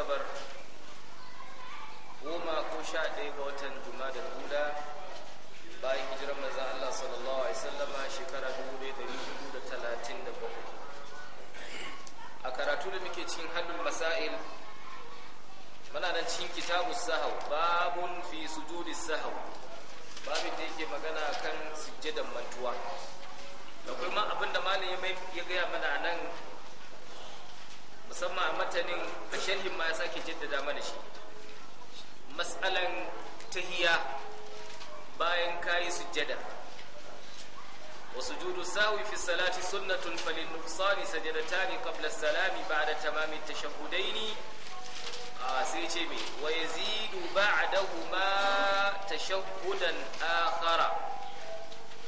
asabar goma ko sha ɗaya ga watan da huda bayan hijirar maza Allah sallallahu alaihi sallama shekara 1437 a karatu da muke cikin hannun masail muna nan cikin kitabu sahau babun fi sujudi sahau babin da yake magana kan sujjadan mantuwa da kuma abinda malin ya gaya mana nan sama matanin a sharhin ma ya sake jaddada mana shi matsalan tahiya bayan kayi sujjada wa sujudu sawi fi salati sunnatun falin nuqsani sajadatani qabla salami ba'da tamami tashahhudaini Ah, sai ce mai wa ya zidu ba a dahuma tashahudan akhara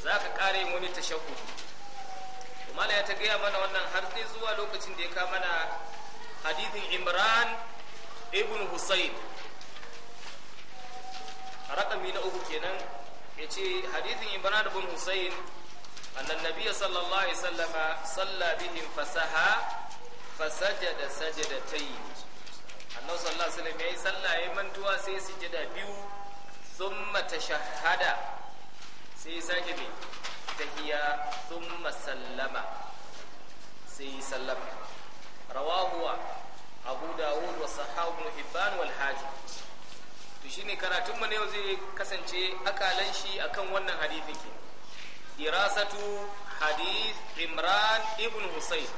za ka yin wani tashahudu kuma ya ta gaya mana wannan har sai zuwa lokacin da ya kama na hadithin imran ibn husayn rakami na uku kenan ya ce hadithin imran ibn husayn annan nabiya sallallahu alaihi sallama salla bihim fasaha fasajada annan sallallahu alaihi ya yi salla mantuwa sai sujada biyu ثم shahada sai sake mai tahiya thumma sallama sai sallama rawahu abu dawud wa sahahu hibban wal to shine karatun mu ne yau zai kasance akalan shi akan wannan hadithin ke dirasatu hadith imran ibn husayn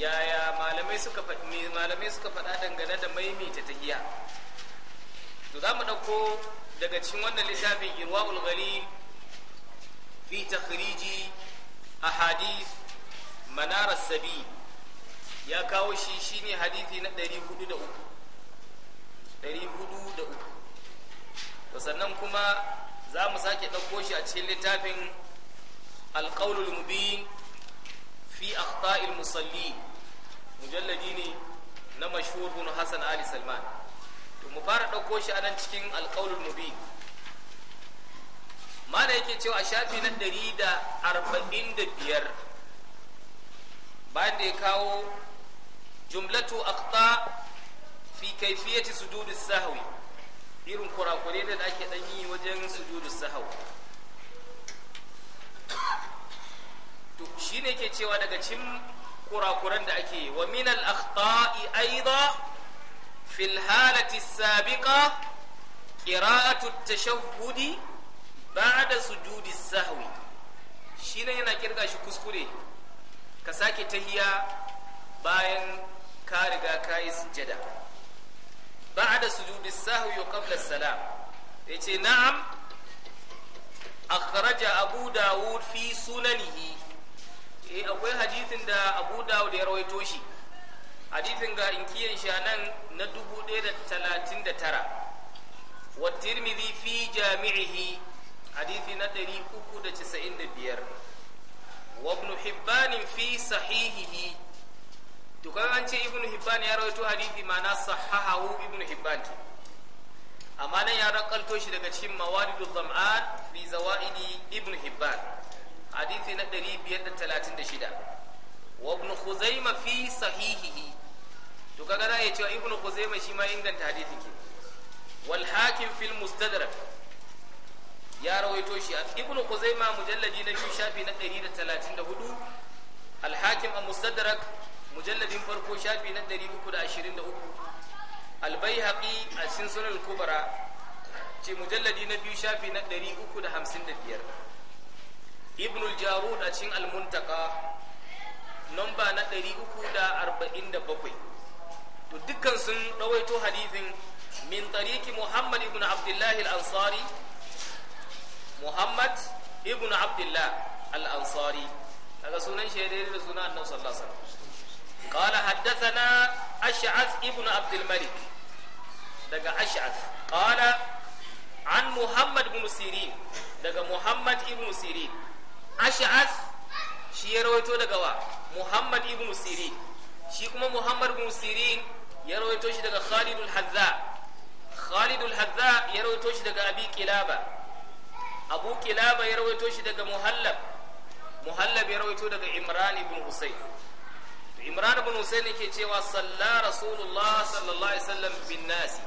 yaya malamai suka faɗi malamai suka faɗa dangane da maimaita giya. to za mu ɗauko daga cikin wannan littafin irwaul ghalib fi takhriji ahadith manar as ya kawo shi shine hadisi na 403 to sannan kuma za mu sake ɗauko shi a cikin littafin alƙaulul mubin fi akhta'il musalli mujalladi ne na mashhur Hassan Ali Salman to mu fara ɗauko shi a nan cikin alƙaulul mubin mala yake cewa a shafi na biyar bayan da ya kawo jumlatu akhta fi kaifiyati sujudi sahwi irin kurakure da ake dan yi wajen sujudu sahwi to shine ke cewa daga cin kurakuran da ake yi wa min al akhta'i aidan fi al halati sabiqa qira'atu at-tashahhudi ba'da sujudi sahwi shine yana kirga shi kuskure ka sake tahiya bayan ka riga ka yi sujjada ba'da sujudi sahwi qabla salam yace na'am akhraja abu dawud fi sunanihi eh akwai hadisin da abu dawud ya rawaito shi hadisin ga inkiyan shi nan na 1039 wa tirmidhi fi jami'ihi hadisi na 395 wa ibn hibbanin fi sahihihi to kaga an ce ibnu hibban ya rawaito Hadithi ma'ana sahahahu ibnu hibban amma nan ya rakalto shi daga cikin mawalidu zam'an fi zawaidi ibn hibban Hadithi na 536 wa ibn khuzaima fi sahihihi to kaga za ya cewa ibn khuzaima shi ma inganta hadisin ke wal hakim fil mustadrak ya rawaito shi ibn khuzaima mujalladi na biyu shafi na 134 al hakim al mustadrak mujalladin farko shafi na 323 albayhaqi a cikin sunan kubra ce mujalladi na biyu shafi na 355 ibn al-jarud a cikin al-muntaka namba na 347 to dukkan sun rawaito hadithin min tariki muhammad ibn abdullahi al-ansari muhammad ibn Abdullahi al-ansari daga sunan shaidai da sunan annabi sallallahu alaihi wasallam قال حدثنا أشعث ابن عبد الملك دقى أشعث قال عن محمد بن سيرين دقى محمد ابن سيرين أشعث شي رويته دقى محمد ابن سيرين شي كما محمد بن سيرين يرويته شي دقى خالد الحذاء خالد الحذاء يرويته شي دقى أبي كلابة أبو كلابة يرويته شي دقى مهلب مهلب يرويته دقى عمران بن حسين imran ibn husayn yake cewa salla rasulullah sallallahu alaihi wasallam bin nasi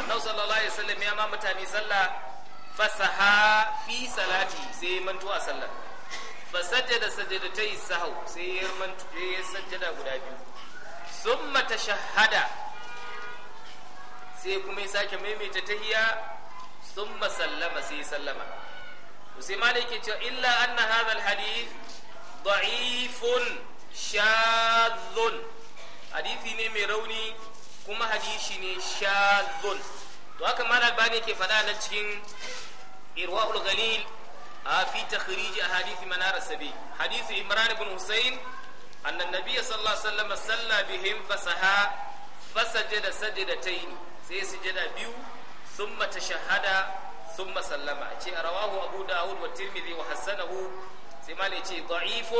annabi sallallahu alaihi wasallam ya ma mutane sallah fasaha fi salati sai ya mantu a sallah fasajjada sajdatai sahau sai ya mantu ya sajjada guda biyu summa tashahhada sai kuma ya sake maimaita tahiya summa sallama sai sallama to sai malai yake cewa illa anna hadha alhadith da'ifun shazon hadisi ne mai rauni kuma hadisi ne shazon to haka mal albani ke faɗa na cikin irwaul galil a fi takhrij ahadith manar sabi hadisi imran ibn husayn anna nabiy sallallahu alaihi wasallam salla bihim fasaha fasajada sajadatayn sai sujada biyu thumma tashahhada ثم سلم أتي رواه wa داود والترمذي وحسنه سمال أتي ضعيف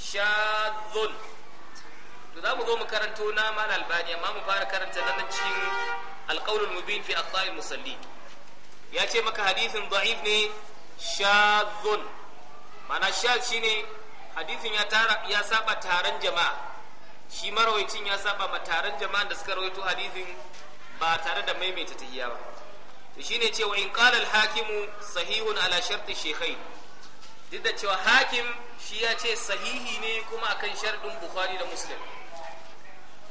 shadhun to za mu zo mu karanto na mal albani amma mu fara karanta nan cikin alqaulul mubin fi aqsal musalli ya ce maka hadisin da'if ne shadhun mana shad shine hadisin ya tara ya saba taron jama'a shi marawacin ya saba ma taron jama'a da suka rawaito hadisin ba tare da maimaita tahiyya ba to shine cewa in qala al-hakimu sahihun ala sharti shaykhain duk da cewa hakim shi ya ce sahihi ne kuma akan shardin bukhari da muslim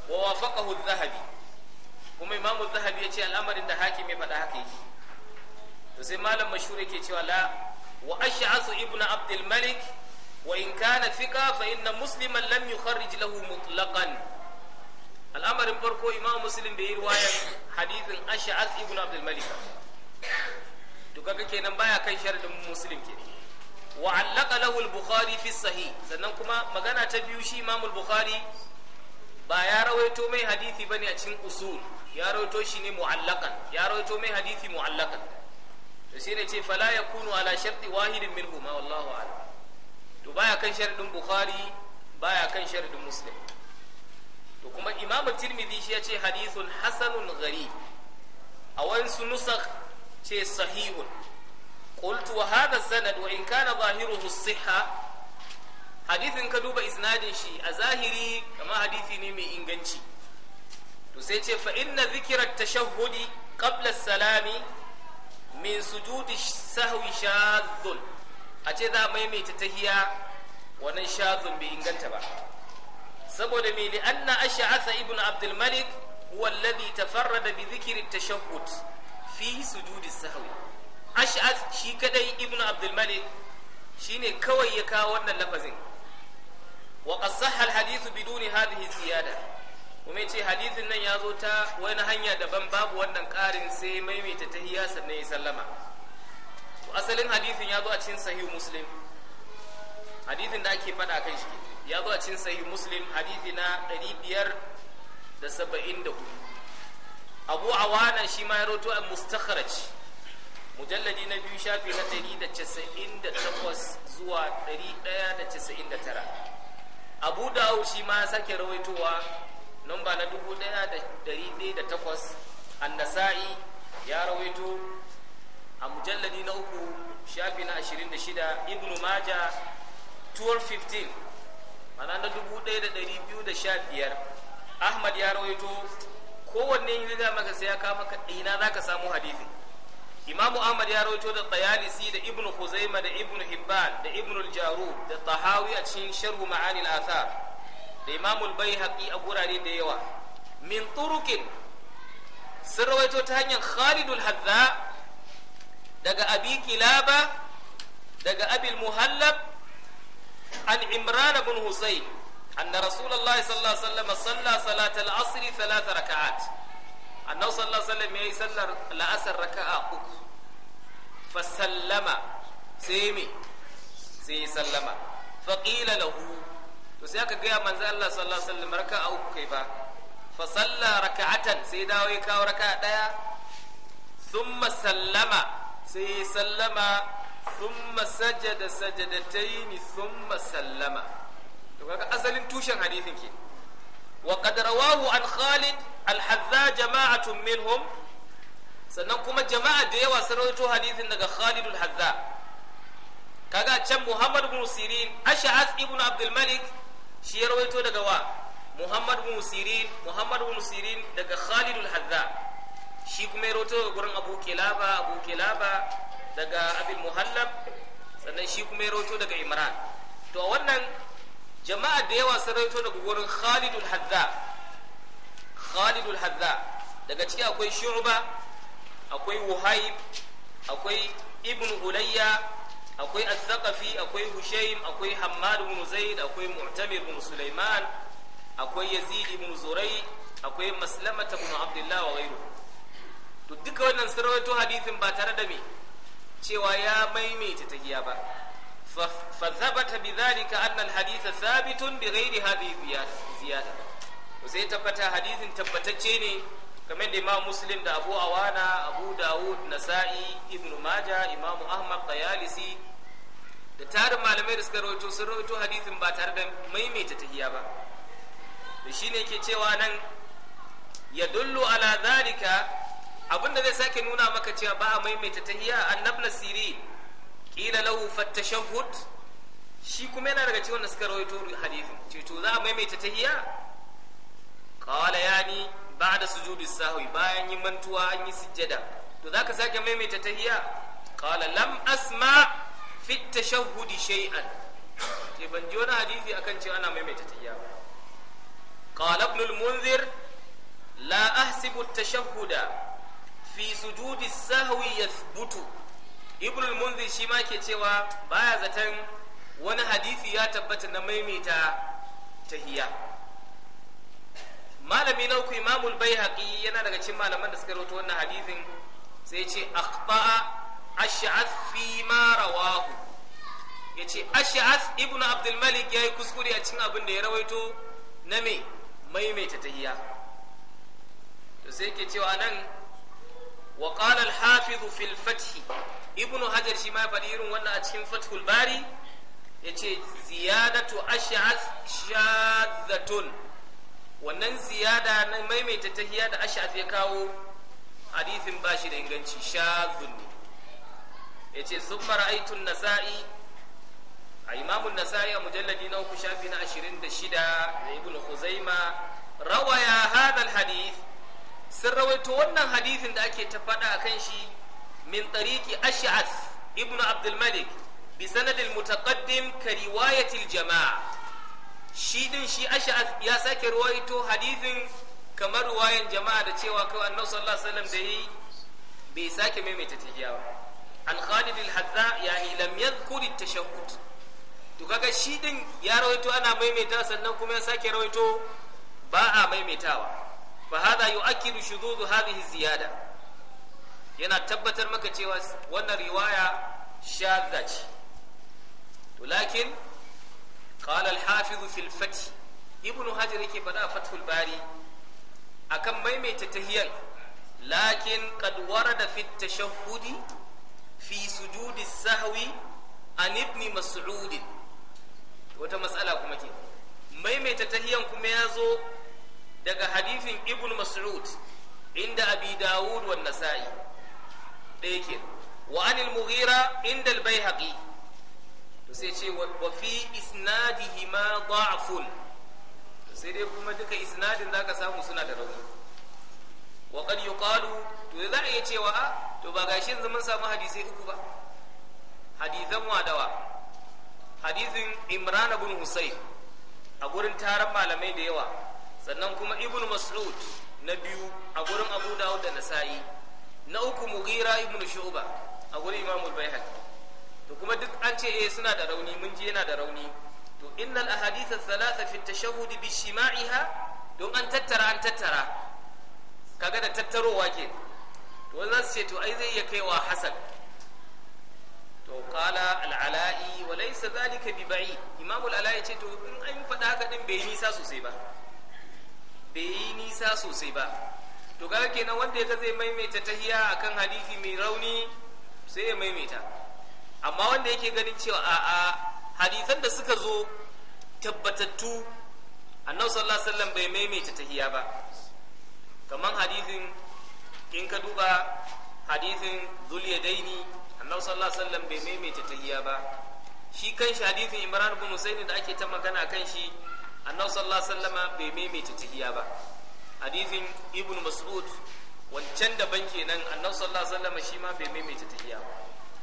wa wafaqahu zahabi kuma imamu zahabi ya ce al'amarin da hakim ya faɗa haka yake to sai malam mashhur yake cewa la wa ash'asu ibnu abdul malik wa in kana fiqa fa inna musliman lam yukharrij lahu mutlaqan al'amarin farko imam muslim bai yi riwayar hadithin ash'as ibnu abdul malik to kaga kenan baya kan sharadin muslim kenan wa allaka lahu al-bukhari fi sahih sannan kuma magana ta biyu shi imam al-bukhari ba ya rawaito mai hadisi bane a cikin usul ya rawaito shi ne mu'allakan ya rawaito mai hadisi mu'allakan to shi ne ce fala yakunu ala sharti wahidin minhuma wallahu a'lam to baya kan sharadin bukhari baya kan sharadin muslim to kuma imam tirmidhi shi ya ce hadithun hasanun gharib a wansu nusakh ce sahihun qultu wa hadha sanad wa in kana zahiru as-sihha hadithin ka duba isnadin shi a zahiri kama hadisi ne mai inganci to sai ce fa inna dhikra at-tashahhudi qabla salami min sujudi sahwi shadhun a ce za maimaita tahiya wannan shadhun bai inganta ba saboda me li anna ash'atha ibnu abdul malik huwa alladhi tafarrada bi dhikri at-tashahhud fi sujudi sahwi ash'az shi kadai ibnu abdul malik shine kawai ya kawo wannan lafazin wa qad sahha al hadith biduni hadhihi ziyada kuma yace hadithin nan ya zo ta wani hanya daban babu wannan karin sai maimaita tahiyya sannan ya sallama to asalin hadithin ya zo a cikin sahih muslim hadithin da ake fada kan shi ya zo a cikin sahih muslim hadithi na 574 abu awana shi ma ya roto a mustakhraj mujalladi na biyu shafi na 198 zuwa 199 abu dawud shi ma sake rawaitowa numba na 1108 annasa'i ya rawaito a mujalladi na uku shafi na 26 ibnu maja 1215 mana na dubu ɗaya da da ɗari biyu sha biyar ahmad ya rawaito kowanne yi zai maka sai ya kama ina za ka samu hadithin imamu ahmad ya rawaito da tayalisi da ibn huzaima da ibn hibban da ibn al da tahawi a cikin sharhu ma'anil athar da imamu al a gurare da yawa min turukin sun rawaito ta hanyar khalidul hadza daga abi kilaba daga abil muhallab an imran ibn husayn anna rasulullahi sallallahu alaihi wasallam salla salatal asr thalath raka'at annabi sallallahu alaihi wasallam yayi sallar la'asar raka'a uku fa sallama sai me sai sallama fa qila lahu to sai aka gaya manzo Allah sallallahu alaihi wasallam raka'a uku kai ba fa salla raka'atan sai dawo ya kawo raka'a daya thumma sallama sai sallama thumma sajada sajadataini thumma sallama to kaga asalin tushen hadisin ke وقد رواه عن خالد الحذاء جماعة منهم sannan kuma jama'a da yawa sun hadithin daga Khalid hadza kaga can Muhammad bin Sirin Ash'ath ibn Abdul Malik shi ya rawaito daga wa Muhammad bin Sirin Muhammad bin Sirin daga Khalid hadza shi kuma ya rawaito daga gurin Abu Kilaba Abu Kilaba daga abin Muhallab sannan shi kuma ya rawaito daga Imran to wannan jama'a da yawa sun raito daga gurin Khalidul Hadza Khalidul Hadza daga ciki akwai Shu'ba akwai Wuhaib akwai Ibn Ulayya akwai Az-Zaqafi akwai Hushaym akwai Hammad ibn Zaid akwai Mu'tamir ibn Sulaiman akwai Yazid ibn Zuray akwai Maslama, ibn Abdullah wa ghayruhu to duka wannan sun rawaito hadisin ba tare da me cewa ya maimaita giya ba fathabata bidhalika anna alhaditha thabitun bighairi hadhihi ziyada sai tabbata hadithin tabbatacce ne kamar da imam muslim da abu awana abu dawud nasa'i ibnu maja imam ahmad qayalisi da tare malamai da suka rawaito sun rawaito hadithin ba tare da maimaita tahiya ba da shine yake cewa nan ya dullu ala zalika abinda zai sake nuna maka cewa ba a maimaita tahiya annabna sirin qila lahu fattashahhud shi kuma yana daga cikin da suka rawaito hadithin ce to za a maimaita tahiyya qala yani ba'da sujudi sahwi bayan yin mantuwa an yi sujjada to zaka sake maimaita tahiyya qala lam asma fi tashahhudi shay'an ke ban ji wani hadisi akan cewa ana maimaita tahiyya qala ibn al-munzir la ahsibu at-tashahhuda fi sujudi sahwi yathbutu ibn shima shi ma ke cewa baya zaton wani hadisi ya tabbata na maimaita tahiyya malami na uku imamul baihaqi yana daga cikin malaman da suka rawaito wannan hadisin sai ce akhta'a ash'ath fi ma rawahu yace ash'ath ibnu abdul malik yayi kuskure a cikin abin da ya rawaito na me maimaita tahiyya to sai ke cewa nan wa qala al-hafiz fil fath ibnu hajar shi ma faɗi irin wannan a cikin fathul bari ya ce ziyadatu ash'az shadzatun wannan ziyada na maimaita tahiya da ash'az ya kawo hadithin ba shi da inganci shadzun ne ya ce sun fara'aitun nasa'i a imamun nasa'i a mujalladi na uku shafi na ashirin da shida da ibn huzaima rawaya hadal hadith sun rawaito wannan hadithin da ake ta faɗa a kan shi من طريق أشعث ابن عبد الملك بسند المتقدم كرواية الجماعة شيدن شي أشعث يا ساكي روايته حديث كما رواية جماعة دا تشيوا كو أنه صلى الله عليه وسلم دهي بيساكي ميميتة تهياوة عن خالد الحذاء يعني لم يذكر التشهد to kaga shi din ya rawaito ana maimaita sannan kuma ya sake rawaito ba a maimaitawa fa hada yu'akkidu shudud hadhihi ziyada yana tabbatar maka cewa wannan riwaya shadda ce to lakin qala al ibn hajar yake faɗa a fathul a kan maimaita tahiyyar lakin qad da fi tashahhudi fi sujudi sahwi an ibn mas'ud wata matsala kuma ke maimaita tahiyan kuma ya zo daga hadifin ibn mas'ud inda abi dawud wa nasa'i ɗaya ke wa anil mughira inda albayhaqi to sai ce wa fi isnadihi ma da'fun sai dai kuma duka isnadin zaka samu suna da rauni wa qad yuqalu to za a iya cewa a to ba gashi yanzu mun samu hadisi uku ba hadizan wadawa hadisin imran ibn husayn a gurin taron malamai da yawa sannan kuma ibn mas'ud na biyu a gurin abu dawud da nasa'i na uku mughira ibn shu'ba a gurin imam al to kuma duk an ce eh suna da rauni mun ji yana da rauni to innal ahadith ath-thalatha fi tashahhud bi shima'iha don an tattara an tattara kaga da tattarowa ke to wannan sai to ai zai iya kaiwa hasan to qala al-ala'i wa laysa dhalika bi ba'i imam al-ala'i ce to in an faɗa haka din bai nisa sosai ba bai nisa sosai ba to kaga kenan wanda ya ga zai maimaita tahiya akan hadisi mai rauni sai ya maimaita amma wanda yake ganin cewa a a hadisan da suka zo tabbatattu annabi sallallahu alaihi wasallam bai maimaita tahiya ba kaman hadisin in ka duba hadisin zuliyadaini annabi sallallahu alaihi wasallam bai maimaita tahiya ba shi kanshi hadisin imran bin husayn da ake ta magana kan shi annabi sallallahu alaihi wasallam bai maimaita tahiya ba hadithin ibn mas'ud wancan da daban kenan annabi sallallahu alaihi wasallam shi ma bai maimaita tahiyya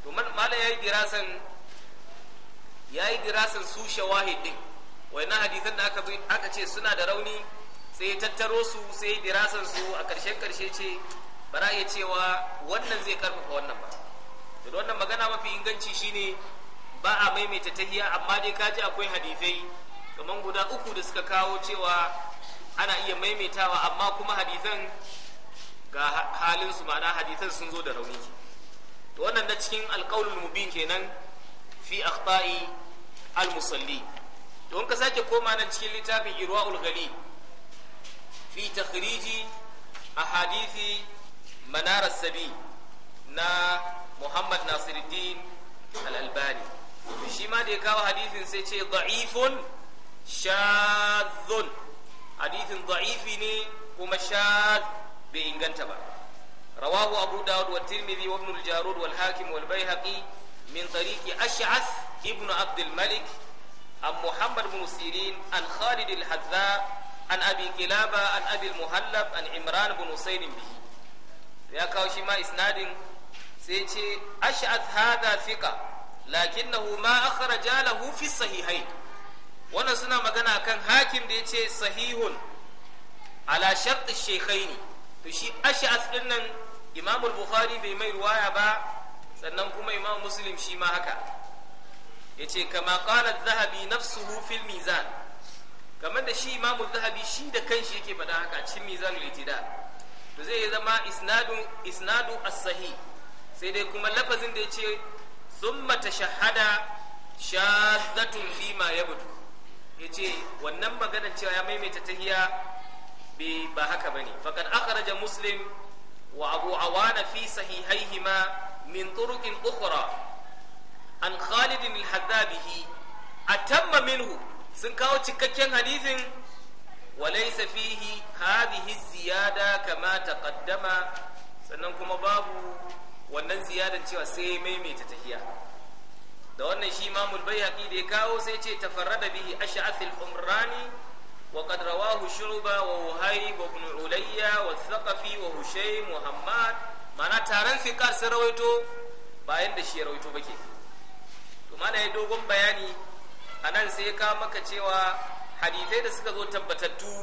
to malai yayi dirasan yayi dirasan su shawahid din wayannan hadisan da aka aka ce suna da rauni sai ya tattaro su sai ya dirasan su a karshe karshe ce bara ya cewa wannan zai karfafa wannan ba to wannan magana mafi inganci shine ba a maimaita tahiya amma dai kaji akwai hadisai kamar guda uku da suka kawo cewa ana iya maimaitawa amma kuma hadisan ga halin su ma'ana hadisan sun zo da rauni to wannan na cikin alƙaulul mubin kenan fi akhta'i al-musalli to ka sake koma nan cikin littafin irwaul ghali fi takhriji ahadithi manar sabi na Muhammad Nasiruddin al-Albani shi ma da ya kawo hadisin sai ce da'ifun shadhun hadithin da'ifi ne kuma shad bai inganta ba rawahu abu dawud wa tirmidhi wa ibn al-jarud wal hakim wal baihaqi min tariqi ash'ath ibn abd al-malik an muhammad ibn sirin an khalid al-hadza an abi kilaba an abi al-muhallab an imran ibn husayn bihi ya kawo shi ma isnadin sai ce ash'ath hadha thiqa lakinnahu ma akhraja lahu fi sahihayn wannan suna magana kan hakim da ya ce sahihun ala shekai ne to shi ash'as din nan imamul bukhari bai mai ruwaya ba sannan kuma imam muslim shi ma haka ce kama qala zahabi nafsuhu fil mizan kamar da shi imamul zahabi shi da kanshi yake faɗa haka cikin mizanul itida to zai zama isnadu isnadu as sai dai kuma lafazin da yace thumma tashahhada shaddatun ya yabdu ya ce wannan maganar cewa ya maimaita tahiya ba haka ba ne faqad akhraja muslim wa abu awana fi ma min turukin ukhra an khalidin al a tamma minhu sun kawo cikakken hadithin وليس فيه هذه الزيادة كما تقدم sannan kuma babu wannan ziyarar cewa sai maimaita tahiya da wannan shi imamul bayhaqi da ya kawo sai ce tafarrada bihi ash'ath al umrani wa qad rawahu shu'ba wa wahayb ibn ulayya wa thaqafi wa hushaym wa mana taron fiƙar sun rawaito bayan da shi ya rawaito bake to mana ya dogon bayani anan sai ya kawo maka cewa hadisai da suka zo tabbatattu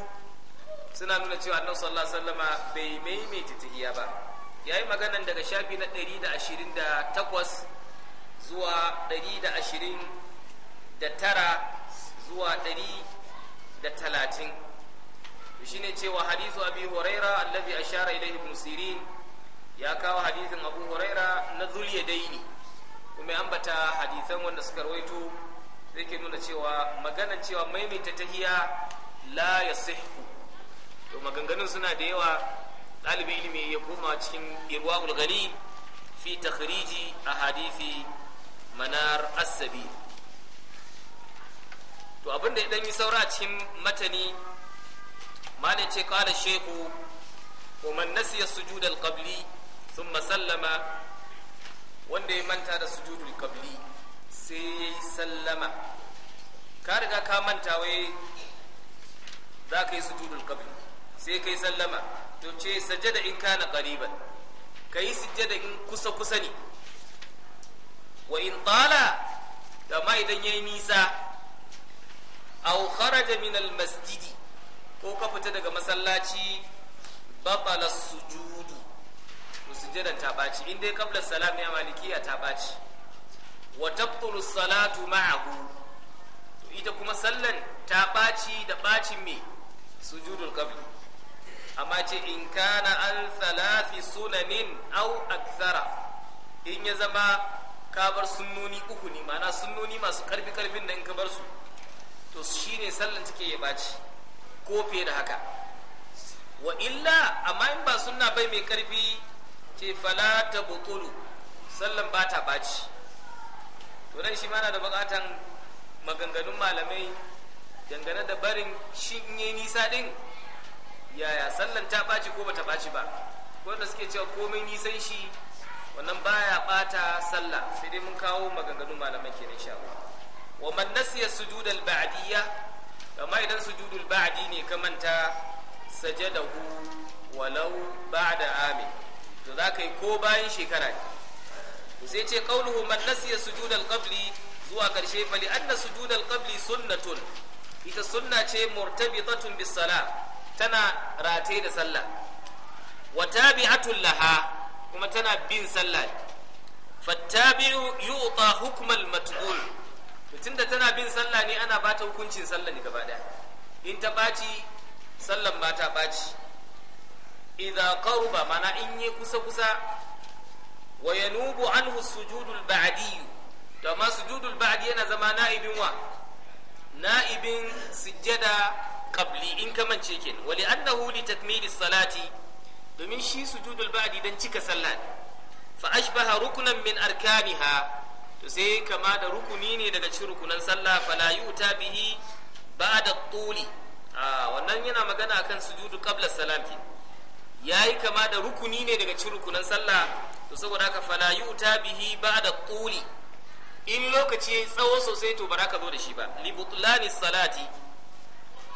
suna nuna cewa annabi sallallahu alaihi wasallama bai maimaita tahiya ba yayi maganan daga shafi na da 128 zuwa ɗari da da ashirin tara zuwa ɗari da 130 shine cewa hadithu abi huraira allazi ashara ilayhi ibn sirin ya kawo Hadisin abu huraira na ne kuma ambata Hadisan wanda suka rawaito zai nuna cewa maganan cewa maimaita tahiya la yasihhu to maganganun suna da yawa ɗalibin ilimi ya koma cikin irwa ulgani fi takhriji a hadisi? manar asabi to abinda ya ɗanyi saura a cikin matani malin ce kala shehu wa man nasiya sujud al-qabli thumma sallama wanda ya manta da sujudul qabli sai ya yi sallama ka riga ka manta wai za ka yi sujudul qabli sai ka yi sallama to ce sajada in kana qariban kai sujada in kusa kusa ne wa in tala da ma idan ya yi nisa aw kharaja min al masjidi ko ka fita daga masallaci batala sujudu to sujudan ta baci in dai qabla salam ya malikiya ta baci wa tabtulu salatu ma'ahu to ita kuma sallan ta baci da bacin me sujudul qabli amma ce in kana an thalathi sunanin au akthara in ya zama ka bar sunnoni uku ne mana sunnoni masu karfi karfin da in ka bar su to ne sallan take ya baci ko fiye da haka wa illa amma in ba sunna bai mai karfi ce fala ta butulu sallan ba ta baci to nan shi mana da bukatan maganganun malamai dangane da barin shi in yi nisa din yaya sallan ta baci ko ba ta baci ba wanda suke cewa komai nisan shi wannan baya bata sallah sai dai mun kawo maganganu malamai kenan insha Allah wa man nasiya sujud ba'diyya amma idan sujudul ba'di ne ka manta sajadahu walau ba'da amin to za ka yi ko bayan shekara ne sai ce qauluhu man nasiya sujud qabli zuwa karshe fali anna sujud al qabli sunnatun ita sunna ce murtabitatun bis sala tana rataye da sallah wa tabi'atun laha kuma tana bin sallah fattabi'u yu'ta hukmal matbul mutum da tana bin sallah ne ana bata hukuncin sallah ne gaba in ta baci sallan ma ta baci idza qaruba mana in yi kusa kusa wa yanubu anhu sujudul ba'di to amma sujudul ba'di yana zama na'ibin wa na'ibin sujjada qabli in kamance kenan wa li annahu li takmili salati domin shi sujudul ba'di dan cika sallah fa ashbaha rukunan min arkaniha to sai kama da rukuni ne daga cikin rukunan sallah fala yuta bihi ba'da tuli a wannan yana magana akan sujudu qabla salam ke yayi kama da rukuni ne daga cikin rukunan sallah to saboda haka fala yuta bihi ba'da tuli in lokaci ya tsawo sosai to baraka zo da shi ba li butlani salati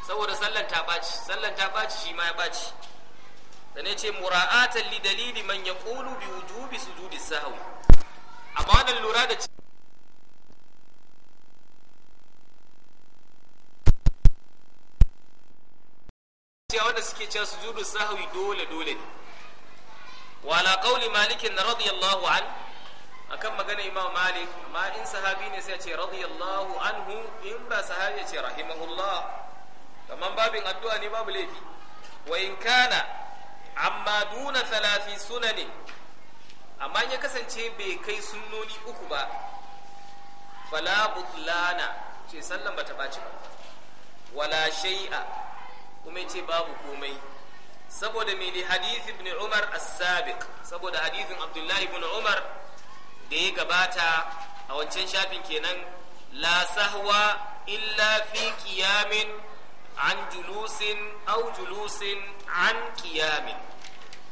saboda sallan ta baci sallan ta baci shi ma ya baci sannan ce mura'atan li dalili man yaqulu bi wujubi sujudi sahwi amma wannan lura da cewa wanda suke cewa sujudu sahwi dole dole ne wa ala qawli malik radiyallahu an akan magana imam malik amma in sahabi ne sai ya ce radiyallahu anhu in ba sahabi ya ce rahimahullah kaman babin addu'a ne babu laifi wa in kana amma duna talafi ne amma ya kasance bai kai sunnoni uku ba fala butlana ce sallan bata baci ba wala shay'a kuma ce babu komai saboda mai ne hadith ibn umar as-sabiq saboda hadithin abdullahi ibn umar da ya gabata a wancan shafin kenan la sahwa illa fi qiyamin عن جلوس أو جلوس عن قيام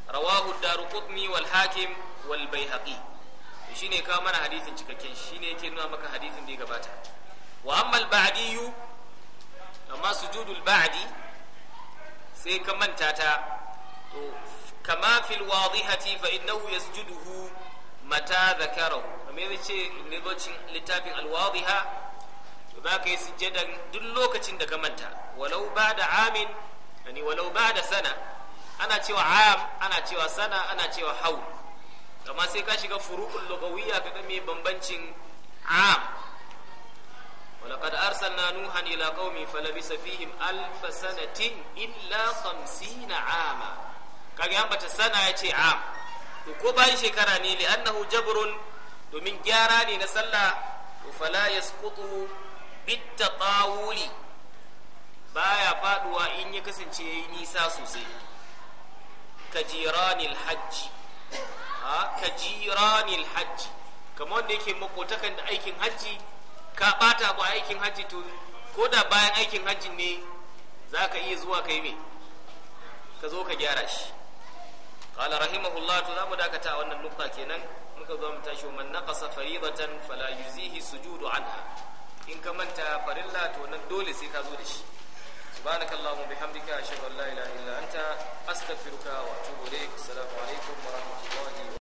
رواه الدار قطني والحاكم والبيهقي shine kawo mana hadisin cikakken shine yake nuna maka hadisin da ya gabata wa amma badiyu amma sujudul ba'di sai ka manta ta to kama fil wadihati fa innahu yasjuduhu mata dhakarahu kamar yace ne bacin littafin al-wadiha to za ka yi duk lokacin da ka manta walau ba da amin yani walau ba da sana ana cewa am ana cewa sana ana cewa hau amma sai ka shiga furu'ul lugawiyya ka ga bambancin am ولقد أرسلنا نوحا إلى قومه فلبث فيهم ألف سنة إلا خمسين عاما كان ينبت سنة يتي عام وكوبا شكراني لأنه جبر ومن جاراني نسلا فلا يسقط bitta tawuli baya faduwa in ya kasance ya yi nisa sosai kajiranil hajji ha kajiranil hajji kamar wanda yake makotakan da aikin hajji ka bata ba aikin hajji to ko da bayan aikin hajji ne za ka iya zuwa kai me ka zo ka gyara shi qala rahimahullah to zamu dakata a wannan nukta kenan muka zo mu tashi man naqasa faridatan fala yuzihi sujudu anha in ka manta farilla to nan dole sai ka zo da shi subhanakallahumma bihamdika ashhadu an la ilaha illa aska astaghfiruka wa atubu ilaik assalamu alaikum wa rahmatullahi